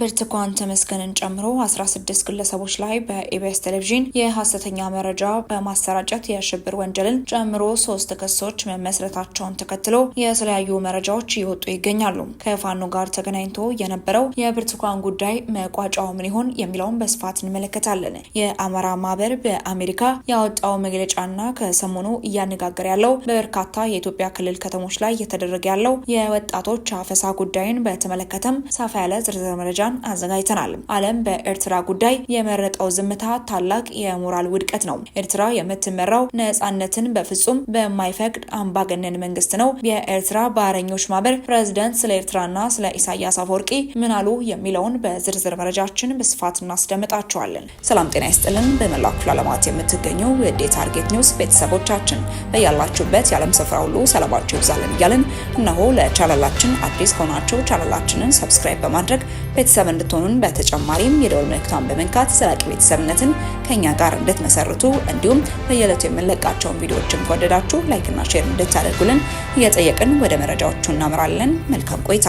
ብርቱካን ተመስገንን ጨምሮ 16 ግለሰቦች ላይ በኢቢኤስ ቴሌቪዥን የሀሰተኛ መረጃ በማሰራጨት የሽብር ወንጀልን ጨምሮ ሶስት ክሶች መመስረታቸውን ተከትሎ የተለያዩ መረጃዎች እየወጡ ይገኛሉ። ከፋኖ ጋር ተገናኝቶ የነበረው የብርቱካን ጉዳይ መቋጫው ምን ይሆን የሚለውን በስፋት እንመለከታለን። የአማራ ማህበር በአሜሪካ ያወጣው መግለጫና ከሰሞኑ እያነጋገር ያለው በበርካታ የኢትዮጵያ ክልል ከተሞች ላይ እየተደረገ ያለው የወጣቶች አፈሳ ጉዳይን በተመለከተም ሰፋ ያለ ዝርዝር መረጃ መረጃን አዘጋጅተናል። ዓለም በኤርትራ ጉዳይ የመረጠው ዝምታ ታላቅ የሞራል ውድቀት ነው። ኤርትራ የምትመራው ነጻነትን በፍጹም በማይፈቅድ አምባገነን መንግስት ነው። የኤርትራ ባረኞች ማህበር ፕሬዝደንት ስለ ኤርትራና ስለ ኢሳያስ አፈወርቂ ምን አሉ የሚለውን በዝርዝር መረጃችን በስፋት እናስደምጣቸዋለን። ሰላም ጤና ይስጥልን። በመላ ክፍለ ዓለማት የምትገኙ የዴ ታርጌት ኒውስ ቤተሰቦቻችን በያላችሁበት የዓለም ስፍራ ሁሉ ሰላማችሁ ይብዛልን እያልን እነሆ ለቻናላችን አዲስ ከሆናችሁ ቻናላችንን ሰብስክራይብ በማድረግ ቤተሰ ቤተሰብ እንድትሆኑን በተጨማሪም የደወል ምልክቷን በመንካት ዘላቂ ቤተሰብነትን ከኛ ጋር እንድትመሰርቱ እንዲሁም በየዕለቱ የምንለቃቸውን ቪዲዮዎችን ከወደዳችሁ ላይክና ሼር እንድታደርጉልን እየጠየቅን ወደ መረጃዎቹ እናምራለን። መልካም ቆይታ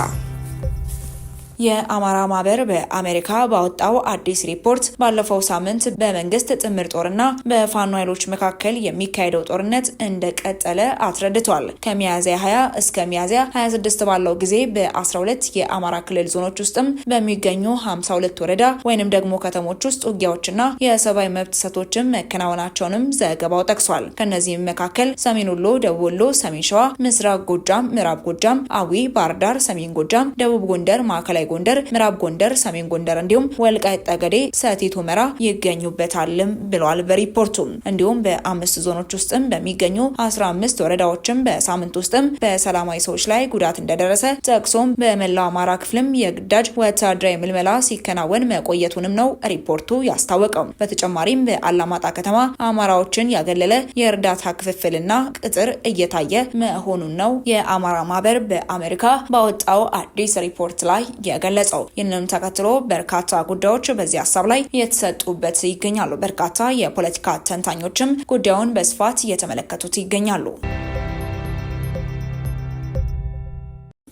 የአማራ ማህበር በአሜሪካ ባወጣው አዲስ ሪፖርት ባለፈው ሳምንት በመንግስት ጥምር ጦርና በፋኖ ኃይሎች መካከል የሚካሄደው ጦርነት እንደቀጠለ አስረድቷል። ከሚያዝያ 20 እስከ ሚያዝያ 26 ባለው ጊዜ በ12 የአማራ ክልል ዞኖች ውስጥም በሚገኙ 52 ወረዳ ወይንም ደግሞ ከተሞች ውስጥ ውጊያዎችና የሰብአዊ መብት ጥሰቶችን መከናወናቸውንም ዘገባው ጠቅሷል። ከእነዚህም መካከል ሰሜን ወሎ፣ ደቡብ ወሎ፣ ሰሜን ሸዋ፣ ምስራቅ ጎጃም፣ ምዕራብ ጎጃም፣ አዊ፣ ባህር ዳር፣ ሰሜን ጎጃም፣ ደቡብ ጎንደር፣ ማዕከላዊ ማዕከላዊ ጎንደር፣ ምዕራብ ጎንደር፣ ሰሜን ጎንደር እንዲሁም ወልቃይት ጠገዴ፣ ሰቲት ሁመራ ይገኙበታልም ብሏል በሪፖርቱ። እንዲሁም በአምስት ዞኖች ውስጥም በሚገኙ 15 ወረዳዎችም በሳምንት ውስጥም በሰላማዊ ሰዎች ላይ ጉዳት እንደደረሰ ጠቅሶም በመላው አማራ ክፍልም የግዳጅ ወታደራዊ ምልመላ ሲከናወን መቆየቱንም ነው ሪፖርቱ ያስታወቀው። በተጨማሪም በአላማጣ ከተማ አማራዎችን ያገለለ የእርዳታ ክፍፍልና ቅጥር እየታየ መሆኑን ነው የአማራ ማህበር በአሜሪካ ባወጣው አዲስ ሪፖርት ላይ የገለጸው። ይህንንም ተከትሎ በርካታ ጉዳዮች በዚህ ሀሳብ ላይ እየተሰጡበት ይገኛሉ። በርካታ የፖለቲካ ተንታኞችም ጉዳዩን በስፋት እየተመለከቱት ይገኛሉ።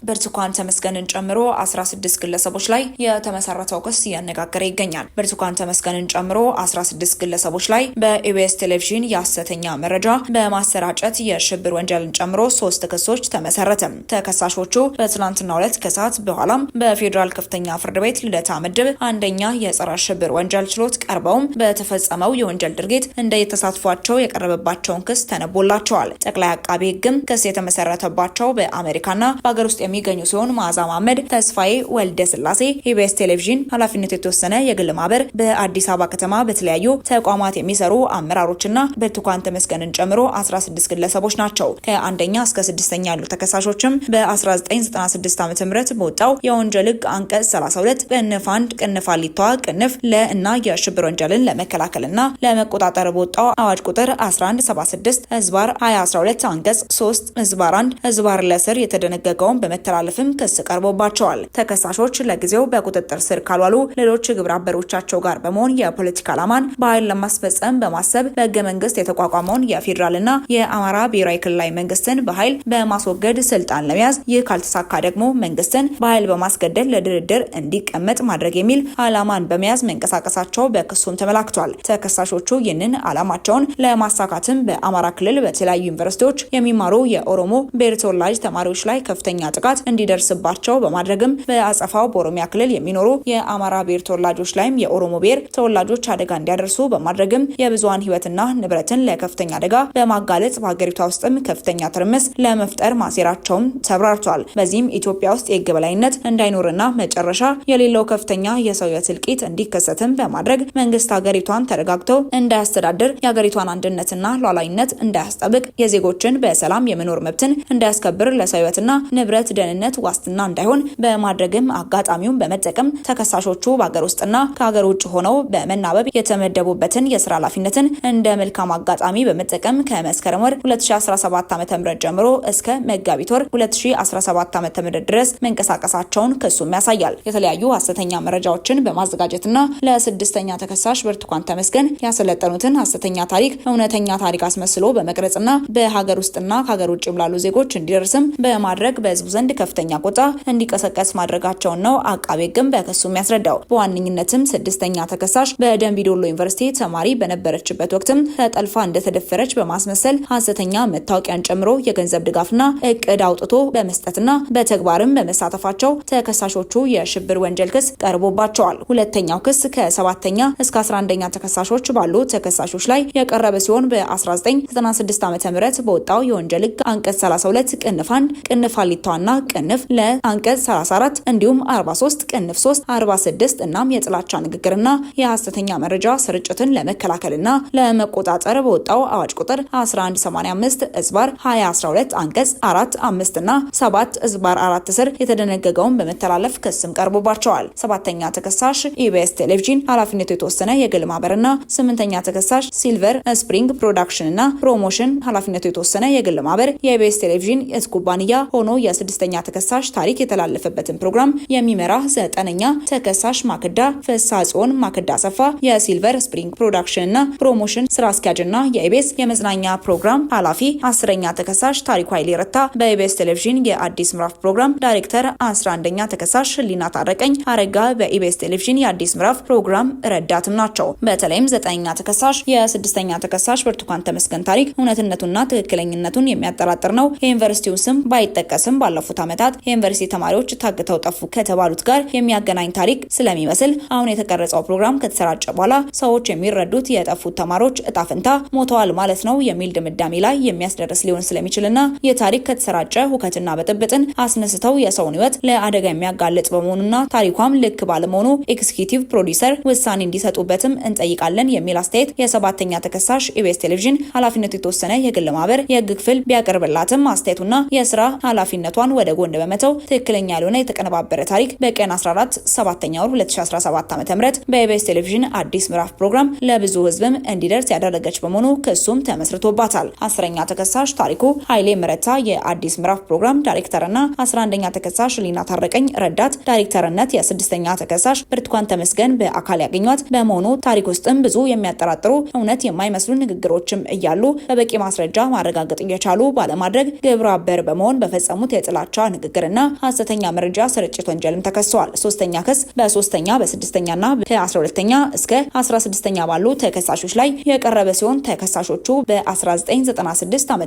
ብርቱካን ተመስገንን ጨምሮ 16 ግለሰቦች ላይ የተመሰረተው ክስ እያነጋገረ ይገኛል። ብርቱካን ተመስገንን ጨምሮ 16 ግለሰቦች ላይ በኢቢኤስ ቴሌቪዥን የሐሰተኛ መረጃ በማሰራጨት የሽብር ወንጀልን ጨምሮ ሶስት ክሶች ተመሰረተ። ተከሳሾቹ በትናንትናው ዕለት ከሰዓት በኋላም በፌዴራል ከፍተኛ ፍርድ ቤት ልደታ ምድብ አንደኛ የጸረ ሽብር ወንጀል ችሎት ቀርበውም በተፈጸመው የወንጀል ድርጊት እንደ የተሳትፏቸው የቀረበባቸውን ክስ ተነቦላቸዋል። ጠቅላይ አቃቤ ሕግም ክስ የተመሰረተባቸው በአሜሪካና በአገር ውስጥ የሚ የሚገኙ ሲሆን መዓዛ መሐመድ፣ ተስፋዬ ወልደ ስላሴ፣ ኢቢኤስ ቴሌቪዥን ኃላፊነቱ የተወሰነ የግል ማህበር፣ በአዲስ አበባ ከተማ በተለያዩ ተቋማት የሚሰሩ አመራሮችና ብርቱካን ተመስገንን ጨምሮ 16 ግለሰቦች ናቸው። ከአንደኛ እስከ ስድስተኛ ያሉ ተከሳሾችም በ1996 ዓ ም በወጣው የወንጀል ህግ አንቀጽ 32 ቅንፍ 1 ቅንፍ አሊቷ ቅንፍ ለ እና የሽብር ወንጀልን ለመከላከልና ለመቆጣጠር በወጣው አዋጅ ቁጥር 1176 ህዝባር 2012 አንቀጽ 3 ህዝባር 1 ህዝባር ለስር የተደነገገውን በመ በመተላለፍም ክስ ቀርቦባቸዋል። ተከሳሾች ለጊዜው በቁጥጥር ስር ካልዋሉ ሌሎች ግብረ አበሮቻቸው ጋር በመሆን የፖለቲካ ዓላማን በኃይል ለማስፈጸም በማሰብ በህገ መንግስት የተቋቋመውን የፌዴራልና የአማራ ብሔራዊ ክልላዊ መንግስትን በኃይል በማስወገድ ስልጣን ለመያዝ ይህ ካልተሳካ ደግሞ መንግስትን በኃይል በማስገደድ ለድርድር እንዲቀመጥ ማድረግ የሚል ዓላማን በመያዝ መንቀሳቀሳቸው በክሱም ተመላክቷል። ተከሳሾቹ ይህንን ዓላማቸውን ለማሳካትም በአማራ ክልል በተለያዩ ዩኒቨርሲቲዎች የሚማሩ የኦሮሞ ብሔር ተወላጅ ተማሪዎች ላይ ከፍተኛ ጥቃት ጥቃት እንዲደርስባቸው በማድረግም በአጸፋው በኦሮሚያ ክልል የሚኖሩ የአማራ ብሔር ተወላጆች ላይም የኦሮሞ ብሔር ተወላጆች አደጋ እንዲያደርሱ በማድረግም የብዙሀን ህይወትና ንብረትን ለከፍተኛ አደጋ በማጋለጽ በሀገሪቷ ውስጥም ከፍተኛ ትርምስ ለመፍጠር ማሴራቸውም ተብራርቷል። በዚህም ኢትዮጵያ ውስጥ የህግ በላይነት እንዳይኖርና መጨረሻ የሌለው ከፍተኛ የሰው ህይወት እልቂት እንዲከሰትም በማድረግ መንግስት ሀገሪቷን ተረጋግተው እንዳያስተዳድር የሀገሪቷን አንድነትና ሉዓላዊነት እንዳያስጠብቅ የዜጎችን በሰላም የመኖር መብትን እንዳያስከብር ለሰው ህይወትና ንብረት ደ ደህንነት ዋስትና እንዳይሆን በማድረግም አጋጣሚውን በመጠቀም ተከሳሾቹ በሀገር ውስጥና ከሀገር ውጭ ሆነው በመናበብ የተመደቡበትን የስራ ኃላፊነትን እንደ መልካም አጋጣሚ በመጠቀም ከመስከረም ወር 2017 ዓ.ም ጀምሮ እስከ መጋቢት ወር 2017 ዓ.ም ድረስ መንቀሳቀሳቸውን ክሱም ያሳያል። የተለያዩ ሀሰተኛ መረጃዎችን በማዘጋጀትና ለስድስተኛ ተከሳሽ ብርቱካን ተመስገን ያሰለጠኑትን ሀሰተኛ ታሪክ እውነተኛ ታሪክ አስመስሎ በመቅረጽና በሀገር ውስጥና ከሀገር ውጭ ላሉ ዜጎች እንዲደርስም በማድረግ በህዝቡ ዘንድ ከፍተኛ ቁጣ እንዲቀሰቀስ ማድረጋቸውን ነው አቃቤ ሕግም በክሱ የሚያስረዳው። በዋነኝነትም ስድስተኛ ተከሳሽ በደምቢዶሎ ዩኒቨርሲቲ ተማሪ በነበረችበት ወቅትም ተጠልፋ እንደተደፈረች በማስመሰል ሀሰተኛ መታወቂያን ጨምሮ የገንዘብ ድጋፍና እቅድ አውጥቶ በመስጠትና በተግባርም በመሳተፋቸው ተከሳሾቹ የሽብር ወንጀል ክስ ቀርቦባቸዋል። ሁለተኛው ክስ ከሰባተኛ እስከ 11ኛ ተከሳሾች ባሉ ተከሳሾች ላይ የቀረበ ሲሆን በ1996 ዓ.ም በወጣው የወንጀል ህግ አንቀጽ 32 ቅንፋን አንድ ቅንፍ ለአንቀጽ 34 እንዲሁም 43 ቅንፍ 3 46 እናም የጥላቻ ንግግርና የሐሰተኛ መረጃ ስርጭትን ለመከላከልና ለመቆጣጠር በወጣው አዋጅ ቁጥር 1185 እዝባር 212 አንቀጽ 4 5 እና 7 እዝባር 4 ስር የተደነገገውን በመተላለፍ ክስም ቀርቦባቸዋል። ሰባተኛ ተከሳሽ ኢቢኤስ ቴሌቪዥን ኃላፊነቱ የተወሰነ የግል ማህበርና ስምንተኛ ተከሳሽ ሲልቨር ስፕሪንግ ፕሮዳክሽን እና ፕሮሞሽን ኃላፊነቱ የተወሰነ የግል ማህበር የኢቢኤስ ቴሌቪዥን ኩባንያ ሆኖ የስድስተ ከፍተኛ ተከሳሽ ታሪክ የተላለፈበትን ፕሮግራም የሚመራ ዘጠነኛ ተከሳሽ ማክዳ ጽዮን ማክዳ ሰፋ የሲልቨር ስፕሪንግ ፕሮዳክሽን እና ፕሮሞሽን ስራ አስኪያጅና የኢቤስ የመዝናኛ ፕሮግራም ኃላፊ፣ አስረኛ ተከሳሽ ታሪኩ ኃይሌ ረታ በኢቤስ ቴሌቪዥን የአዲስ ምዕራፍ ፕሮግራም ዳይሬክተር፣ አንደኛ ተከሳሽ ህሊና ታረቀኝ አረጋ በኢቤስ ቴሌቪዥን የአዲስ ምዕራፍ ፕሮግራም ረዳትም ናቸው። በተለይም ዘጠነኛ ተከሳሽ የስድስተኛ ተከሳሽ ብርቱካን ተመስገን ታሪክ እውነትነቱና ትክክለኝነቱን የሚያጠራጥር ነው። የዩኒቨርሲቲውን ስም ባይጠቀስም ባለፉት ባለፉት ዓመታት የዩኒቨርሲቲ ተማሪዎች ታግተው ጠፉ ከተባሉት ጋር የሚያገናኝ ታሪክ ስለሚመስል አሁን የተቀረጸው ፕሮግራም ከተሰራጨ በኋላ ሰዎች የሚረዱት የጠፉት ተማሪዎች እጣ ፈንታ ሞተዋል ማለት ነው የሚል ድምዳሜ ላይ የሚያስደርስ ሊሆን ስለሚችልና ይህ ከተሰራጨ ሁከትና ብጥብጥን አስነስተው የሰውን ሕይወት ለአደጋ የሚያጋልጥ በመሆኑና ታሪኳም ልክ ባለመሆኑ ኤክስኪዩቲቭ ፕሮዲሰር ውሳኔ እንዲሰጡበትም እንጠይቃለን የሚል አስተያየት የሰባተኛ ተከሳሽ ኢቤስ ቴሌቪዥን ኃላፊነቱ የተወሰነ የግል ማህበር የህግ ክፍል ቢያቀርብላትም አስተያየቱና የስራ ኃላፊነቷን ወደ ወደ ጎን በመተው ትክክለኛ ያልሆነ የተቀነባበረ ታሪክ በቀን 14 7ኛ ወር 2017 ዓ.ም በኢቢኤስ ቴሌቪዥን አዲስ ምዕራፍ ፕሮግራም ለብዙ ህዝብም እንዲደርስ ያደረገች በመሆኑ ክሱም ተመስርቶባታል። አስረኛ ተከሳሽ ታሪኩ ኃይሌ መረታ የአዲስ ምዕራፍ ፕሮግራም ዳይሬክተርና 11ኛ ተከሳሽ ሊና ታረቀኝ ረዳት ዳይሬክተርነት፣ የስድስተኛ ተከሳሽ ብርቱካን ተመስገን በአካል ያገኟት በመሆኑ ታሪክ ውስጥም ብዙ የሚያጠራጥሩ እውነት የማይመስሉ ንግግሮችም እያሉ በበቂ ማስረጃ ማረጋገጥ እየቻሉ ባለማድረግ ግብረ አበር በመሆን በፈጸሙት የጥላቻ የጥላቻ ንግግርና ሀሰተኛ መረጃ ስርጭት ወንጀልም ተከሰዋል። ሶስተኛ ክስ በሶስተኛ በስድስተኛና ከ12ተኛ እስከ 16 ኛ ባሉ ተከሳሾች ላይ የቀረበ ሲሆን ተከሳሾቹ በ1996 ዓ ም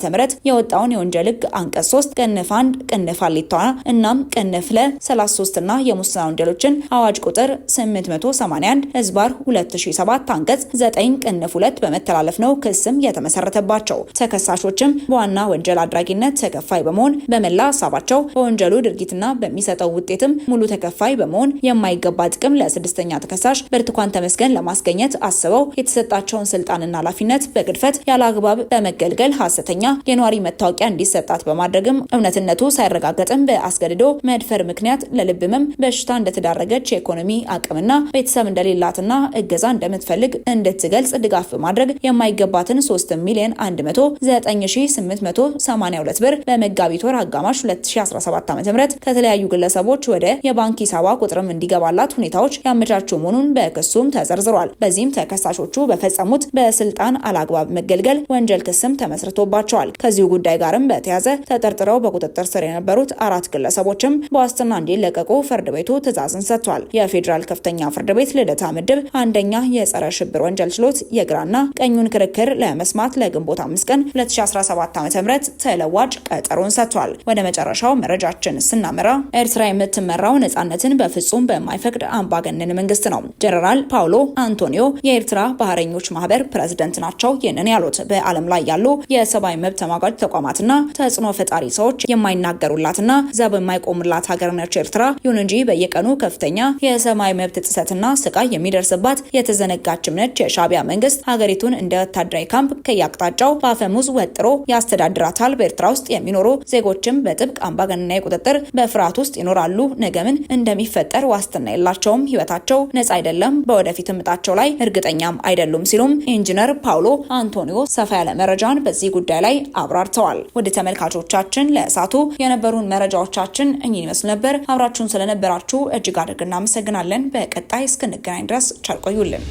የወጣውን የወንጀል ህግ አንቀጽ 3 ቅንፍ 1 ቅንፍ አሊቷ እናም ቅንፍ ለ 33 እና የሙስና ወንጀሎችን አዋጅ ቁጥር 881 ህዝባር 2007 አንቀጽ 9 ቅንፍ 2 በመተላለፍ ነው ክስም የተመሰረተባቸው። ተከሳሾችም በዋና ወንጀል አድራጊነት ተከፋይ በመሆን በመላ ሀሳባቸው በመሆናቸው በወንጀሉ ድርጊትና በሚሰጠው ውጤትም ሙሉ ተከፋይ በመሆን የማይገባ ጥቅም ለስድስተኛ ተከሳሽ ብርቱካን ተመስገን ለማስገኘት አስበው የተሰጣቸውን ስልጣንና ኃላፊነት በግድፈት ያለ አግባብ በመገልገል ሀሰተኛ የነዋሪ መታወቂያ እንዲሰጣት በማድረግም እውነትነቱ ሳይረጋገጥም በአስገድዶ መድፈር ምክንያት ለልብ ህመም በሽታ እንደተዳረገች የኢኮኖሚ አቅምና ቤተሰብ እንደሌላትና እገዛ እንደምትፈልግ እንድትገልጽ ድጋፍ በማድረግ የማይገባትን 3 ሚሊዮን 19882 ብር በመጋቢት ወር አጋማሽ 2017 2017 ዓ.ም ከተለያዩ ግለሰቦች ወደ የባንክ ሂሳቧ ቁጥርም እንዲገባላት ሁኔታዎች ያመቻቹ መሆኑን በክሱም ተዘርዝሯል። በዚህም ተከሳሾቹ በፈጸሙት በስልጣን አላግባብ መገልገል ወንጀል ክስም ተመስርቶባቸዋል። ከዚሁ ጉዳይ ጋርም በተያዘ ተጠርጥረው በቁጥጥር ስር የነበሩት አራት ግለሰቦችም በዋስትና እንዲለቀቁ ፍርድ ቤቱ ትዕዛዝን ሰጥቷል። የፌዴራል ከፍተኛ ፍርድ ቤት ልደታ ምድብ አንደኛ የጸረ ሽብር ወንጀል ችሎት የግራና ቀኙን ክርክር ለመስማት ለግንቦት አምስት ቀን 2017 ዓ.ም ተለዋጭ ቀጠሮን ሰጥቷል። ወደ መጨረሻው መረጃችን ስናመራ ኤርትራ የምትመራው ነጻነትን በፍጹም በማይፈቅድ አምባገነን መንግስት ነው። ጀነራል ፓውሎ አንቶኒዮ የኤርትራ ባህረኞች ማህበር ፕሬዝደንት ናቸው። ይህንን ያሉት በዓለም ላይ ያሉ የሰብአዊ መብት ተሟጋጅ ተቋማትና ተጽዕኖ ፈጣሪ ሰዎች የማይናገሩላትና ዘብ የማይቆምላት ሀገር ነች ኤርትራ። ይሁን እንጂ በየቀኑ ከፍተኛ የሰብአዊ መብት ጥሰትና ስቃይ የሚደርስባት የተዘነጋችም ነች። የሻቢያ መንግስት ሀገሪቱን እንደ ወታደራዊ ካምፕ ከየአቅጣጫው በአፈሙዝ ወጥሮ ያስተዳድራታል። በኤርትራ ውስጥ የሚኖሩ ዜጎችም በጥብቅ አምባገነናዊ ቁጥጥር በፍርሃት ውስጥ ይኖራሉ። ነገ ምን እንደሚፈጠር ዋስትና የላቸውም። ህይወታቸው ነጻ አይደለም። በወደፊት እምጣቸው ላይ እርግጠኛም አይደሉም ሲሉም ኢንጂነር ፓውሎ አንቶኒዮ ሰፋ ያለ መረጃን በዚህ ጉዳይ ላይ አብራርተዋል። ወደ ተመልካቾቻችን ለእሳቱ የነበሩን መረጃዎቻችን እኚህን ይመስሉ ነበር። አብራችሁን ስለነበራችሁ እጅግ አድርግ እናመሰግናለን። በቀጣይ እስክንገናኝ ድረስ ቸር ቆዩልን።